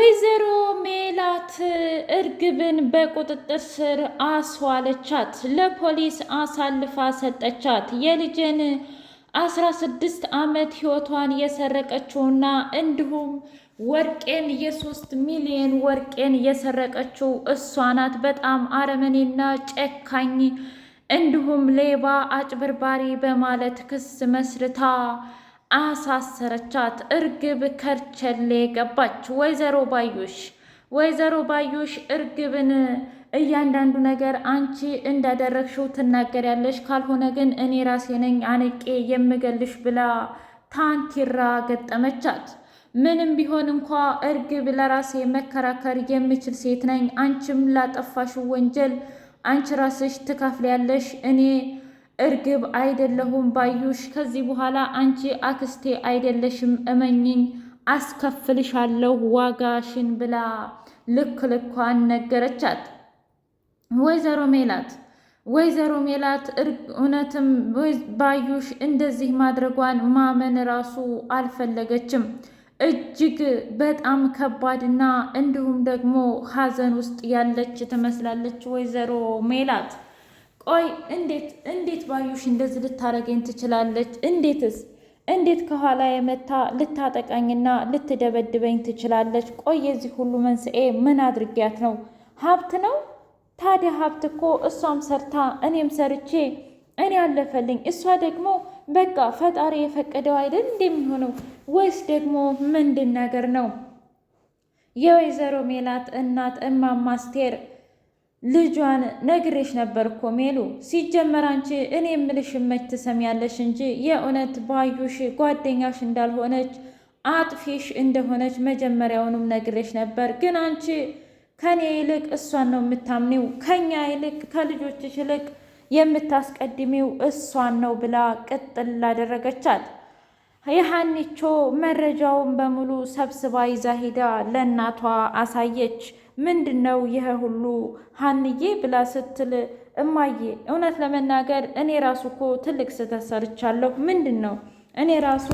ወይዘሮ ሜላት እርግብን በቁጥጥር ስር አስዋለቻት። ለፖሊስ አሳልፋ ሰጠቻት። የልጅን አስራ ስድስት ዓመት ህይወቷን የሰረቀችውና እንዲሁም ወርቄን የሶስት ሚሊዮን ወርቄን የሰረቀችው እሷ ናት። በጣም አረመኔና ጨካኝ እንዲሁም ሌባ፣ አጭበርባሪ በማለት ክስ መስርታ አሳሰረቻት። እርግብ ከርቸሌ ገባች። ወይዘሮ ባዩሽ ወይዘሮ ባዩሽ እርግብን እያንዳንዱ ነገር አንቺ እንዳደረግሽው ትናገሪያለሽ፣ ካልሆነ ግን እኔ ራሴ ነኝ አንቄ የምገልሽ ብላ ታንኪራ ገጠመቻት። ምንም ቢሆን እንኳ እርግብ ለራሴ መከራከር የምችል ሴት ነኝ፣ አንቺም ላጠፋሽው ወንጀል አንቺ ራስሽ ትከፍያለሽ እኔ እርግብ አይደለሁም ባዩሽ፣ ከዚህ በኋላ አንቺ አክስቴ አይደለሽም፣ እመኝኝ አስከፍልሻለሁ ዋጋሽን ብላ ልክ ልኳን ነገረቻት። ወይዘሮ ሜላት ወይዘሮ ሜላት እውነትም ባዩሽ እንደዚህ ማድረጓን ማመን ራሱ አልፈለገችም። እጅግ በጣም ከባድና እንዲሁም ደግሞ ሀዘን ውስጥ ያለች ትመስላለች ወይዘሮ ሜላት። ቆይ እንዴት እንዴት ባዩሽ እንደዚህ ልታረገኝ ትችላለች? እንዴትስ እንዴት ከኋላ የመታ ልታጠቃኝና ልትደበድበኝ ትችላለች? ቆይ የዚህ ሁሉ መንስኤ ምን አድርጊያት ነው? ሀብት ነው ታዲያ? ሀብት እኮ እሷም ሰርታ እኔም ሰርቼ እኔ አለፈልኝ። እሷ ደግሞ በቃ ፈጣሪ የፈቀደው አይደል እንደሚሆነው ወይስ ደግሞ ምንድን ነገር ነው? የወይዘሮ ሜላት እናት እማማ አስቴር ልጇን ነግሬሽ ነበር እኮ ሜሉ። ሲጀመር አንቺ እኔ የምልሽ መች ትሰሚያለሽ እንጂ የእውነት ባዩሽ ጓደኛሽ እንዳልሆነች አጥፊሽ እንደሆነች መጀመሪያውንም ነግሬሽ ነበር። ግን አንቺ ከኔ ይልቅ እሷን ነው የምታምኒው፣ ከኛ ይልቅ ከልጆችሽ ይልቅ የምታስቀድሚው እሷን ነው ብላ ቅጥል ላደረገቻት። የሀኒቾ መረጃውን በሙሉ ሰብስባ ይዛ ሂዳ ለእናቷ አሳየች። ምንድን ነው ይህ ሁሉ ሀንዬ ብላ ስትል እማዬ፣ እውነት ለመናገር እኔ ራሱ እኮ ትልቅ ስህተት ሰርቻለሁ። ምንድን ነው እኔ ራሱ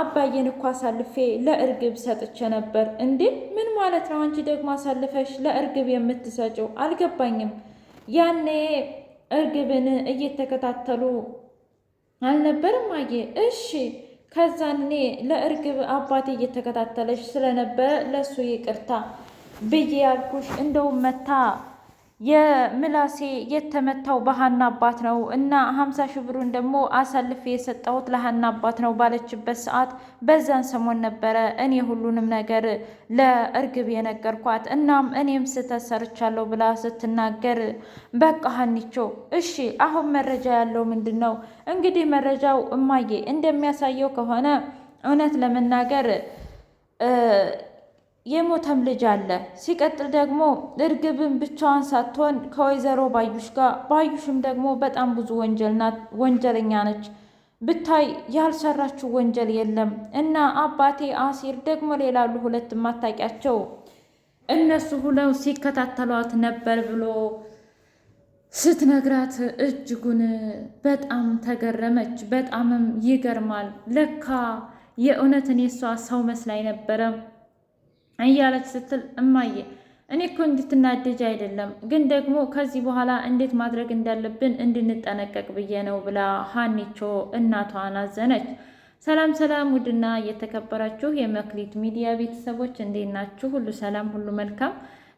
አባዬን እኮ አሳልፌ ለእርግብ ሰጥቼ ነበር። እንዴ ምን ማለት ነው? አንቺ ደግሞ አሳልፈሽ ለእርግብ የምትሰጨው አልገባኝም። ያኔ እርግብን እየተከታተሉ አልነበርም? አየ እሺ ከዛኔ ለእርግብ አባቴ እየተከታተለች ስለነበረ ለእሱ ይቅርታ ብዬ ያልኩሽ እንደውም መታ የምላሴ የተመታው በሀና አባት ነው እና ሀምሳ ሺህ ብሩን ደግሞ አሳልፌ የሰጠሁት ለሀና አባት ነው ባለችበት ሰዓት በዛን ሰሞን ነበረ እኔ ሁሉንም ነገር ለእርግብ የነገርኳት። እናም እኔም ስህተት ሰርቻለሁ ብላ ስትናገር በቃ ሀኒቾ እሺ፣ አሁን መረጃ ያለው ምንድን ነው? እንግዲህ መረጃው እማዬ እንደሚያሳየው ከሆነ እውነት ለመናገር የሞተም ልጅ አለ። ሲቀጥል ደግሞ እርግብን ብቻዋን ሳትሆን ከወይዘሮ ባዩሽ ጋር ባዩሽም ደግሞ በጣም ብዙ ወንጀል ናት፣ ወንጀለኛ ነች። ብታይ ያልሰራችው ወንጀል የለም። እና አባቴ አሲር ደግሞ ሌላሉ ሁለት ማታቂያቸው እነሱ ሁለው ሲከታተሏት ነበር ብሎ ስትነግራት እጅጉን በጣም ተገረመች። በጣምም ይገርማል። ለካ የእውነትን የሷ ሰው መስላይ ነበረ። እያለች ስትል እማዬ እኔ እኮ እንድትናደጅ አይደለም፣ ግን ደግሞ ከዚህ በኋላ እንዴት ማድረግ እንዳለብን እንድንጠነቀቅ ብዬ ነው ብላ ሀኒቾ እናቷን አዘነች። ሰላም ሰላም! ውድና እየተከበራችሁ የመክሊት ሚዲያ ቤተሰቦች እንዴት ናችሁ? ሁሉ ሰላም፣ ሁሉ መልካም።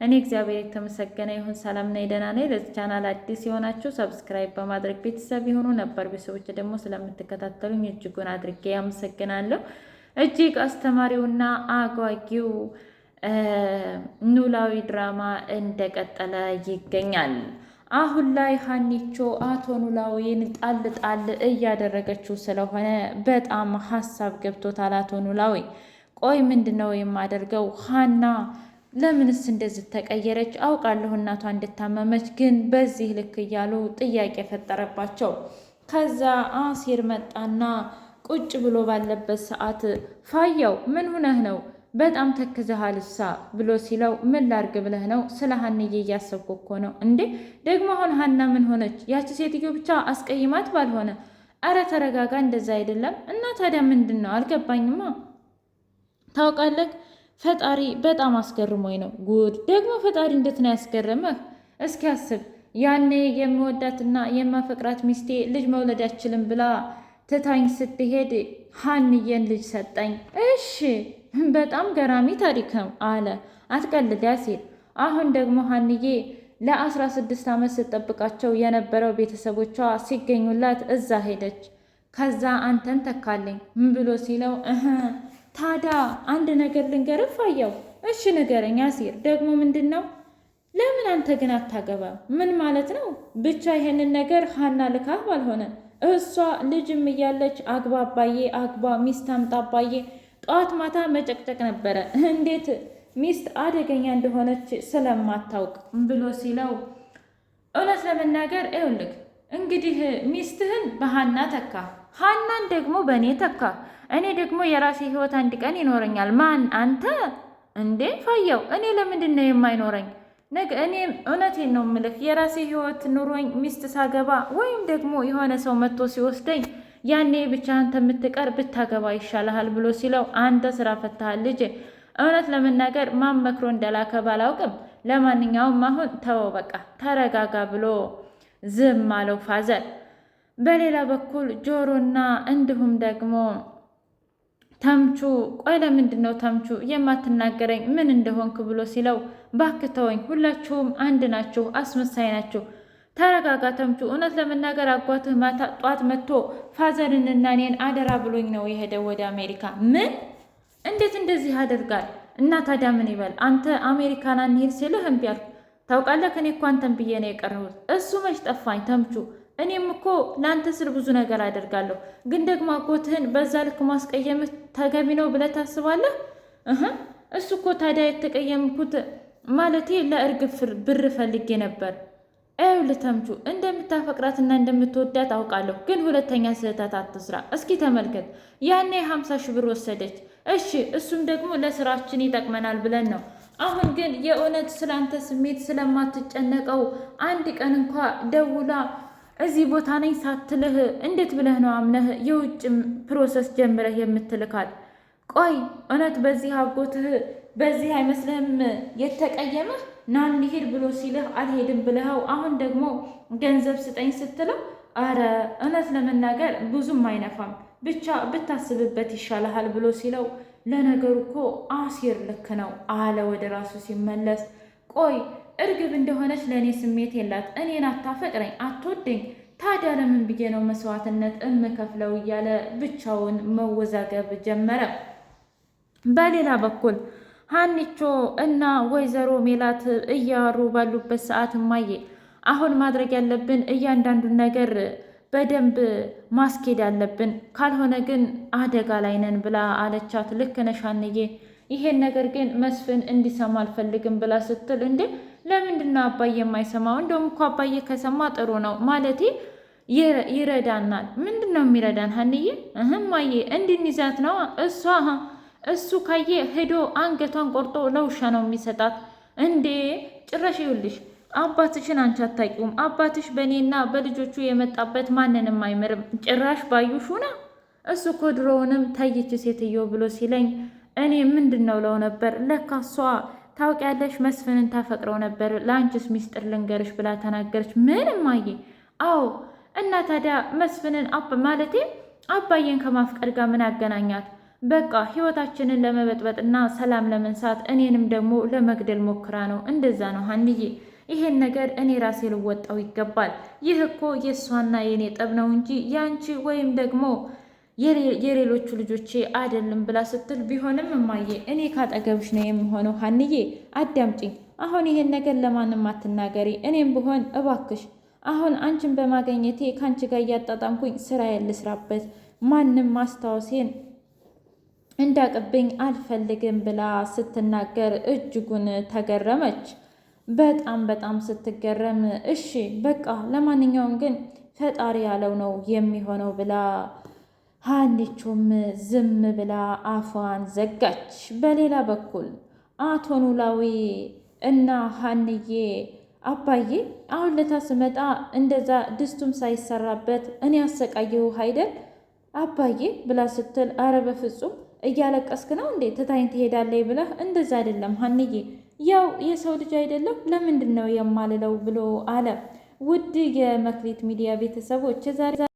እኔ እግዚአብሔር የተመሰገነ ይሁን ሰላም ነኝ፣ ደህና ነኝ። ለዚህ ቻናል አዲስ የሆናችሁ ሰብስክራይብ በማድረግ ቤተሰብ የሆኑ ነበር ቤተሰቦች ደግሞ ስለምትከታተሉኝ እጅጉን አድርጌ ያመሰግናለሁ። እጅግ አስተማሪውና አጓጊው ኖላዊ ድራማ እንደቀጠለ ይገኛል። አሁን ላይ ሀኒቾ አቶ ኖላዊን ጣል ጣል እያደረገችው ስለሆነ በጣም ሀሳብ ገብቶታል። አቶ ኖላዊ ቆይ ምንድን ነው የማደርገው? ሀና ለምንስ እንደዚህ ተቀየረች? አውቃለሁ እናቷ እንድታመመች ግን በዚህ ልክ እያሉ ጥያቄ ፈጠረባቸው። ከዛ አሲር መጣና ቁጭ ብሎ ባለበት ሰዓት ፋያው ምን ሁነህ ነው? በጣም ተክዘሃል እሳ ብሎ ሲለው ምን ላርግ ብለህ ነው? ስለ ሀንዬ እያሰብኩ እኮ ነው። እንዴ ደግሞ አሁን ሀና ምን ሆነች? ያቺ ሴትዮ ብቻ አስቀይማት ባልሆነ። አረ ተረጋጋ፣ እንደዛ አይደለም። እና ታዲያ ምንድን ነው? አልገባኝማ። ታውቃለህ ፈጣሪ በጣም አስገርሞኝ ነው። ጉድ ደግሞ ፈጣሪ እንዴት ነው ያስገረመህ? እስኪ አስብ። ያኔ የምወዳትና የማፈቅራት ሚስቴ ልጅ መውለድ አይችልም ብላ ትታኝ ስትሄድ ሀንዬን ልጅ ሰጠኝ። እሺ በጣም ገራሚ ታሪክ ነው አለ አትቀልዳ ሲል አሁን ደግሞ ሀንዬ ለአስራ ስድስት ዓመት ስጠብቃቸው የነበረው ቤተሰቦቿ ሲገኙላት እዛ ሄደች። ከዛ አንተን ተካለኝ ምን ብሎ ሲለው ታዲያ አንድ ነገር ልንገርህ ፋየው። እሺ ንገረኝ አሲር። ደግሞ ምንድን ነው? ለምን አንተ ግን አታገባም? ምን ማለት ነው? ብቻ ይሄንን ነገር ሀና ልካህ ባልሆነ እሷ ልጅም እያለች አግባ አባዬ፣ አግባ ሚስት አምጣ አባዬ፣ ጠዋት ማታ መጨቅጨቅ ነበረ እንዴት ሚስት አደገኛ እንደሆነች ስለማታውቅ ብሎ ሲለው እውነት ለመናገር ይኸውልህ እንግዲህ ሚስትህን በሀና ተካ፣ ሀናን ደግሞ በእኔ ተካ። እኔ ደግሞ የራሴ ህይወት አንድ ቀን ይኖረኛል። ማን አንተ እንዴ? ፋየው እኔ ለምንድን ነው የማይኖረኝ? ነገ እኔም እውነቴን ነው ምልህ የራሴ ህይወት ኑሮኝ ሚስት ሳገባ ወይም ደግሞ የሆነ ሰው መጥቶ ሲወስደኝ ያኔ ብቻ አንተ የምትቀር ብታገባ ይሻልሃል ብሎ ሲለው አንተ ስራ ፈታሃል ልጅ። እውነት ለመናገር ማን መክሮ እንደላከ ባላውቅም ለማንኛውም አሁን ተወው በቃ ተረጋጋ ብሎ ዝም አለው ፋዘር። በሌላ በኩል ጆሮና እንዲሁም ደግሞ ተምቹ ቆይ ለምንድን ነው ተምቹ የማትናገረኝ ምን እንደሆንክ ብሎ ሲለው እባክህ ተወኝ ሁላችሁም አንድ ናችሁ አስመሳይ ናችሁ ተረጋጋ ተምቹ እውነት ለመናገር አጓትህ ማታ ጧት መጥቶ ፋዘርንና እኔን አደራ ብሎኝ ነው የሄደው ወደ አሜሪካ ምን እንዴት እንደዚህ አደርጋል እና ታዲያ ምን ይበል አንተ አሜሪካን አንሄድ ሲልህ እምቢ አልኩ ታውቃለህ እኔ እኮ አንተን ብዬ ነው የቀረሁት እሱ መች ጠፋኝ ተምቹ እኔም እኮ ለአንተ ስል ብዙ ነገር አደርጋለሁ፣ ግን ደግሞ አጎትህን በዛ ልክ ማስቀየም ተገቢ ነው ብለህ ታስባለህ? እሱ እኮ ታዲያ የተቀየምኩት ማለቴ ለእርግብ ብር ፈልጌ ነበር። ይኸው ልተምቹ እንደምታፈቅራትና እንደምትወዳት አውቃለሁ፣ ግን ሁለተኛ ስህተት አትስራ። እስኪ ተመልከት፣ ያኔ ሀምሳ ሺህ ብር ወሰደች። እሺ እሱም ደግሞ ለስራችን ይጠቅመናል ብለን ነው። አሁን ግን የእውነት ስለአንተ ስሜት ስለማትጨነቀው አንድ ቀን እንኳ ደውላ እዚህ ቦታ ነኝ ሳትልህ እንዴት ብለህ ነው አምነህ የውጭም ፕሮሰስ ጀምረህ የምትልካት? ቆይ እውነት በዚህ አጎትህ በዚህ አይመስልህም የተቀየመህ? ና እንሂድ ብሎ ሲልህ አልሄድም ብለኸው አሁን ደግሞ ገንዘብ ስጠኝ ስትለው አረ እውነት ለመናገር ብዙም አይነፋም ብቻ ብታስብበት ይሻልሃል ብሎ ሲለው ለነገሩ እኮ አሲር ልክ ነው አለ ወደ ራሱ ሲመለስ ቆይ እርግብ እንደሆነች ለእኔ ስሜት የላት፣ እኔን አታፈቅረኝ፣ አትወደኝ። ታዲያ ለምን ብዬ ነው መስዋዕትነት እምከፍለው? እያለ ብቻውን መወዛገብ ጀመረ። በሌላ በኩል ሀኒቾ እና ወይዘሮ ሜላት እያወሩ ባሉበት ሰዓት እማዬ፣ አሁን ማድረግ ያለብን እያንዳንዱን ነገር በደንብ ማስኬድ አለብን፣ ካልሆነ ግን አደጋ ላይ ነን ብላ አለቻት። ልክ ነሽ ሀንዬ፣ ይሄን ነገር ግን መስፍን እንዲሰማ አልፈልግም ብላ ስትል እንዴ ለምንድን ነው አባዬ የማይሰማው? እንደውም እኮ አባዬ ከሰማ ጥሩ ነው ማለቴ ይረዳናል። ምንድን ነው የሚረዳን? ሀንዬ እህማዬ እንድንይዛት ነው እሷ እሱ ካየ ሄዶ አንገቷን ቆርጦ ለውሻ ነው የሚሰጣት እንዴ! ጭራሽ ይውልሽ አባትሽን አንቺ አታውቂውም። አባትሽ በእኔና በልጆቹ የመጣበት ማንንም አይምርም። ጭራሽ ባዩሽ ሁና እሱ እኮ ድሮውንም ታየች ሴትዮ ብሎ ሲለኝ እኔ ምንድን ነው ለው ነበር ለካ እሷ ታውቂያለሽ፣ መስፍንን ታፈቅረው ነበር፣ ለአንቺስ ሚስጥር ልንገርሽ ብላ ተናገረች። ምንም አየ። አዎ እና ታዲያ መስፍንን ማለቴ አባዬን ከማፍቀድ ጋር ምን አገናኛት? በቃ ህይወታችንን ለመበጥበጥና ሰላም ለመንሳት እኔንም ደግሞ ለመግደል ሞክራ ነው። እንደዛ ነው ሀንዬ። ይሄን ነገር እኔ ራሴ ልወጣው ይገባል። ይህ እኮ የእሷና የእኔ ጠብ ነው እንጂ ያንቺ ወይም ደግሞ የሌሎቹ ልጆቼ አይደለም ብላ ስትል ቢሆንም እማዬ እኔ ካጠገብሽ ነው የምሆነው። ሀንዬ አዳምጪኝ። አሁን ይሄን ነገር ለማንም አትናገሪ። እኔም ብሆን እባክሽ አሁን አንቺን በማገኘቴ ከአንቺ ጋር እያጣጣምኩኝ ስራ ያልስራበት ማንም ማስታወሴን እንዳቅብኝ አልፈልግም ብላ ስትናገር እጅጉን ተገረመች። በጣም በጣም ስትገረም እሺ በቃ ለማንኛውም ግን ፈጣሪ ያለው ነው የሚሆነው ብላ ሀኒቹም ዝም ብላ አፏን ዘጋች። በሌላ በኩል አቶ ኖላዊ እና ሀንዬ አባዬ አሁን ለታ ስመጣ እንደዛ ድስቱም ሳይሰራበት እኔ አሰቃየሁ አይደል አባዬ ብላ ስትል፣ አረ በፍጹም እያለቀስክ ነው እንዴ ትታኝ ትሄዳለይ ብለህ እንደዛ አይደለም ሀንዬ፣ ያው የሰው ልጅ አይደለም ለምንድን ነው የማልለው ብሎ አለ። ውድ የመክሊት ሚዲያ ቤተሰቦች